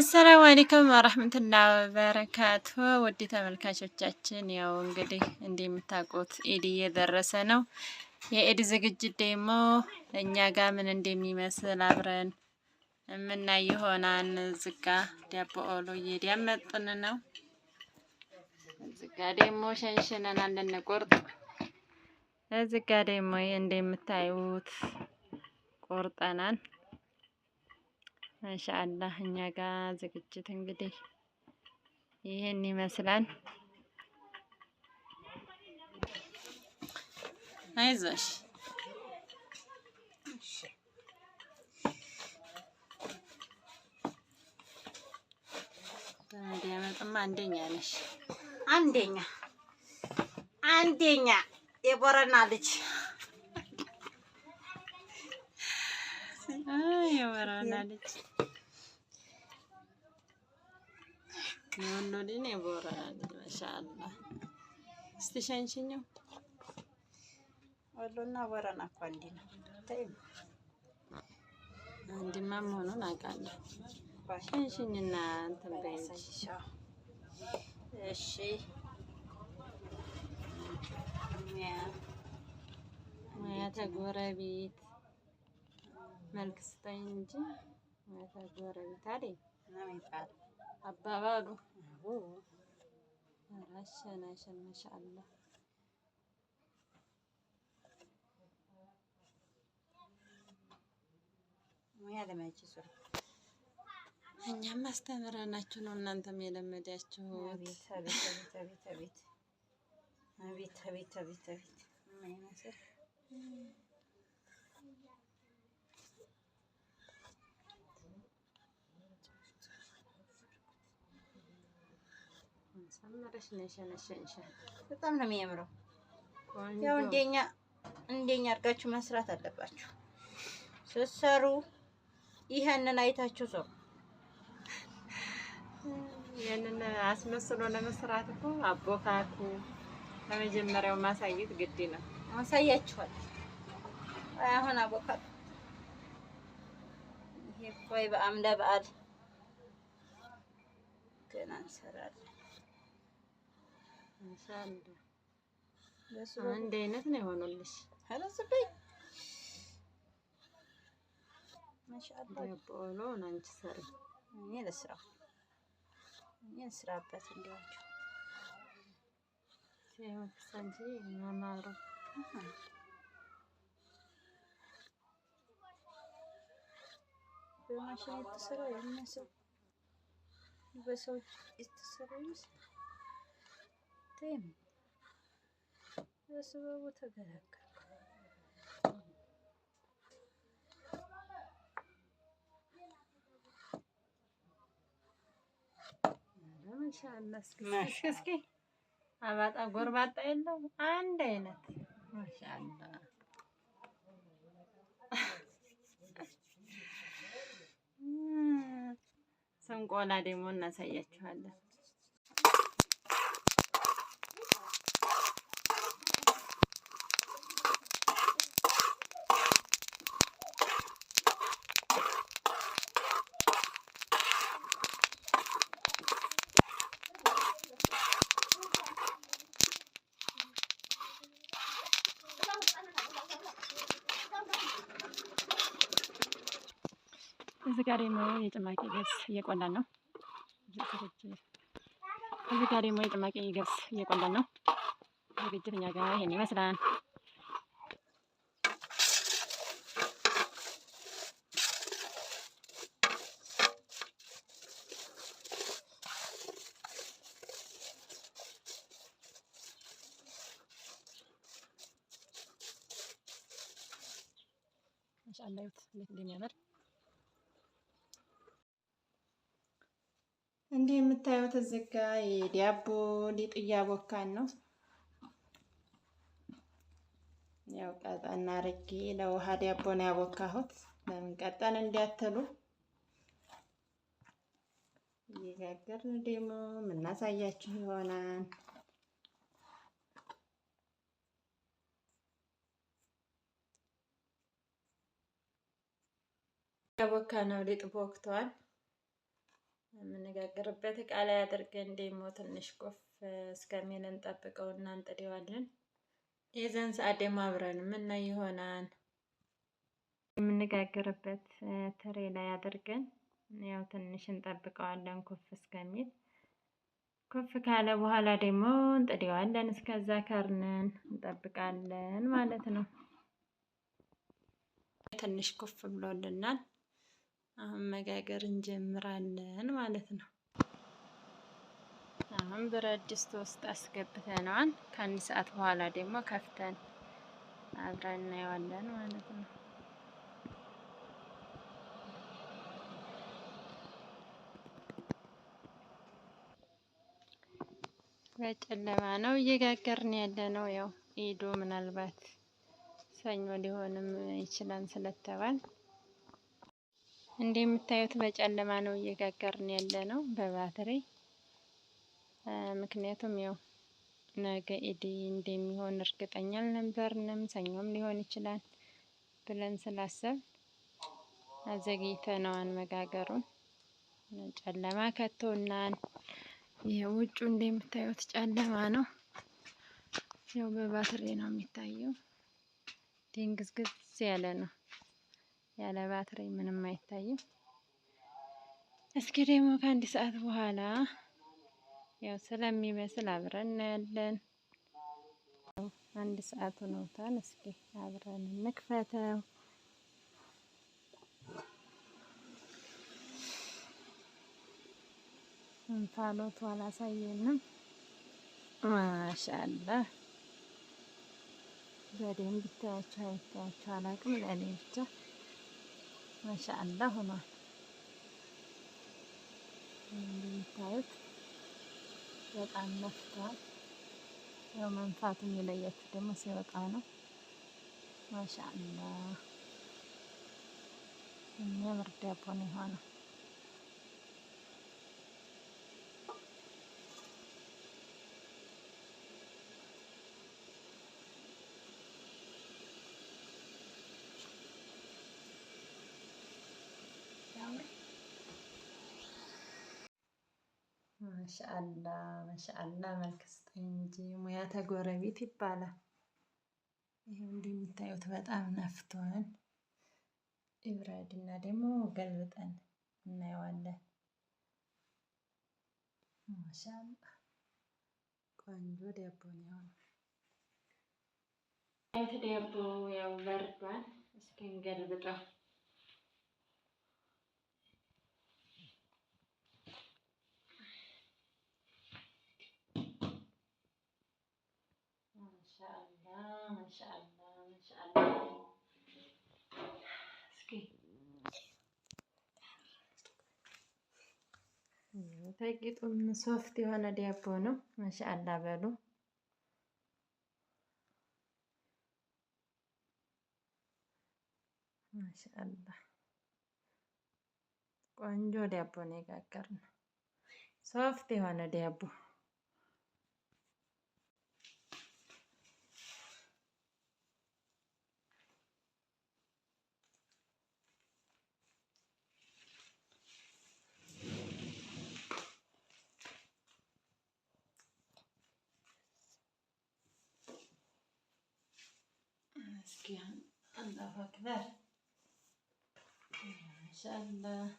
አሰላሙ አለይኩም ወራህመቱላሂ ወበረካቱ። ውድ ተመልካቾቻችን ያው እንግዲህ እንደምታውቁት ኢድ እየደረሰ ነው። የኢድ ዝግጅት ደግሞ እኛ ጋር ምን እንደሚመስል አብረን የምናይ ይሆናል። ዝጋ ዳቦ ኦሎ እየዳመጥን ነው። ዝጋ ደግሞ ሸንሽነን እንደነቆርጥ እዝጋ ደግሞ እንደምታዩት ቆርጠናል። ማሻአላህ እኛ ጋር ዝግጅት እንግዲህ ይህን ይመስላል። አይዞሽ አንደኛ ነሽ፣ አንደኛ አንደኛ የቦረና ልጅ ታወራናለች። ወንዶዲን የቦራናለች። ማሻአላ እስቲ ነው። አንድማ መሆኑን አውቃለሁ። ሸንሽኝና እንትን በይ እሺ። ሙያ ተጎረቤት መልክ ስጠኝ እንጂ ጎረቤት አይደል አባባሉ። አሸናሸን እኛም አስተምረናችሁ ነው እናንተም የለመዳችሁ። ጨምረሽ ነሸነሸንሸ በጣም ነው የሚያምረው። ያው እንደኛ እንደኛ አድርጋችሁ መስራት አለባችሁ። ስትሰሩ ይህንን አይታችሁ ሰሩ። ይሄንን አስመስሎ ለመስራት እኮ አቦካቱ ለመጀመሪያው ማሳየት ግድ ነው። አሳያችኋል። አሁን አቦካቱ ይሄ ቆይ በአምደ በዓል ገና እንሰራለን። አንድ አይነት ነው የሆነልሽ። ሎን አንቺ ሰሪ እኔ ልስራው እኔ ልስራበት እንዲያቸው ሳንቺ ማማሩ በማሽን የተሰራ የሚመስል በሰዎች የተሰራ ይመስል አታይም? በስበቡ ተገለገልኩ። ማሻአላህ እስኪ አባጣ ጎርባጣ የለው አንድ አይነት ማሻአላህ ስንቆላ ደግሞ እናሳያችኋለን። እዚህ ጋር ደግሞ የጭማቂ ገብስ እየቆላን ነው። እዚህ ጋር ደግሞ የጭማቂ ገብስ እየቆላን ነው። ዝግጅት እኛ ጋር ይሄን ይመስላል። ማሻአላ እንዴት እንደሚያምር እንዲህ የምታዩት እዚህ ጋ የዳቦ ሊጥ እያቦካን ነው። ያው ቀጠን አድርጌ ለውሃ ዳቦ ነው ያቦካሁት። ለምን ቀጠን እንዲያትሉ እየጋገርን ደግሞ የምናሳያችሁ ይሆናል። ያቦካ ነው ሊጥ ቦክተዋል። የምነጋገርበት እቃ ላይ አድርገን ደግሞ ትንሽ ቆፍ እስከሚል እንጠብቀውና እንጥደዋለን። የዘን ሰዓት ደግሞ አብረን የምናይ ይሆናል። የምነጋገርበት ትሬ ላይ አድርገን ያው ትንሽ እንጠብቀዋለን ኩፍ እስከሚል። ኩፍ ካለ በኋላ ደግሞ እንጥደዋለን። እስከዛ ከርነን እንጠብቃለን ማለት ነው። ትንሽ ኩፍ ብሎልናል። አሁን መጋገር እንጀምራለን ማለት ነው። አሁን ብረት ድስት ውስጥ አስገብተነዋል። ከአንድ ሰዓት በኋላ ደግሞ ከፍተን አብረን እናየዋለን ማለት ነው። በጨለማ ነው እየጋገርን ያለ ነው። ያው ኢዶ ምናልባት ሰኞ ሊሆንም ይችላል ስለተባል እንደምታዩት በጨለማ ነው እየጋገርን ያለ ነው በባትሪ ምክንያቱም ያው ነገ ኢድ እንደሚሆን እርግጠኛ አልነበርንም። ሰኞም ሊሆን ይችላል ብለን ስላሰብ አዘግይተነዋን መጋገሩን ጨለማ ከቶናን። ይሄ ውጩ እንደምታዩት ጨለማ ነው። ያው በባትሪ ነው የሚታየው። ድንግዝግዝ ያለ ነው። ያለ ባትሪ ምንም አይታይም። እስኪ ደግሞ ከአንድ ሰዓት በኋላ ያው ስለሚበስል አብረን እናያለን። አንድ ሰዓት ሆኖታል። እስኪ አብረን እንክፈተው። እንፋሎቱ አላሳየንም። ማሻአላህ በደንብ ይታያቸው አይታያቸው አላቅም ለእኔ ብቻ ማሻአላ ሆኗል። እንደምታዩት በጣም ነፍቷል። ያው መንፋቱ የሚለያችሁ ደግሞ ሲወጣ ነው። ማሻአላ የሚያምር ዳቦ ነው የሆነው። ማሻአላ ማሻአላ መልክ ስጠኝ እንጂ ሙያ ተጎረቤት ይባላል። ይሄ እንደሚታዩት በጣም ነፍቷል። ኢብራድና ደግሞ ገልብጠን እናየዋለን። ማሻአላ ቆንጆ ዳቦ ነው። ዳቦ ያው በርዷል። እስኪ እንገልብጠው። ተቂጡም ሶፍት የሆነ ዳቦ ነው። ማሻአላ በሉ። ማሻአላ ቆንጆ ዳቦ ነው የጋገርነው። ሶፍት የሆነ ዳቦ ክርስቲያን አላሁ አክበር ማሻአላህ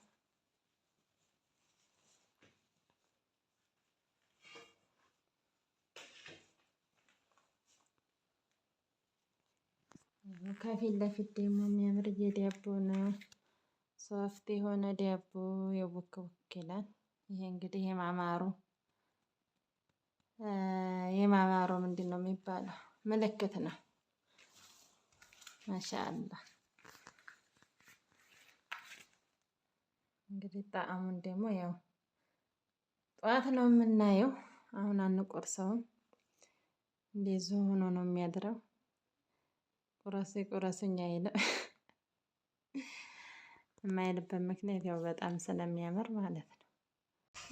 ከፊት ለፊት ደግሞ የሚያምር የዳቦ ነው። ሶፍት የሆነ ዳቦ የቡክ ቡክ ይላል። ይሄ እንግዲህ የማማሩ የማማሩ ምንድን ነው የሚባለው ምልክት ነው። ማሻአላህ እንግዲህ ጣዕሙን ደግሞ ያው ጠዋት ነው የምናየው። አሁን አንቆርሰውም፣ እንደዚሁ ሆኖ ነው የሚያድረው። ቁረሴ ቁረሱኝ አይልም። የማይልበት ምክንያት ያው በጣም ስለሚያምር ማለት ነው።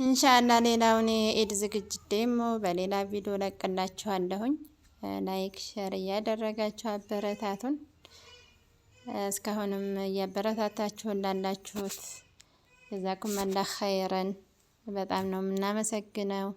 እንሻላ ሌላውን የኤድ ዝግጅት ደግሞ በሌላ ቪዲዮ ለቅላችኋለሁኝ። ላይክ ሸር እያደረጋችሁ አበረታቱን። እስካሁንም እያበረታታችሁ እንዳላችሁት የዛኩም አላ ኸይረን በጣም ነው የምናመሰግነው።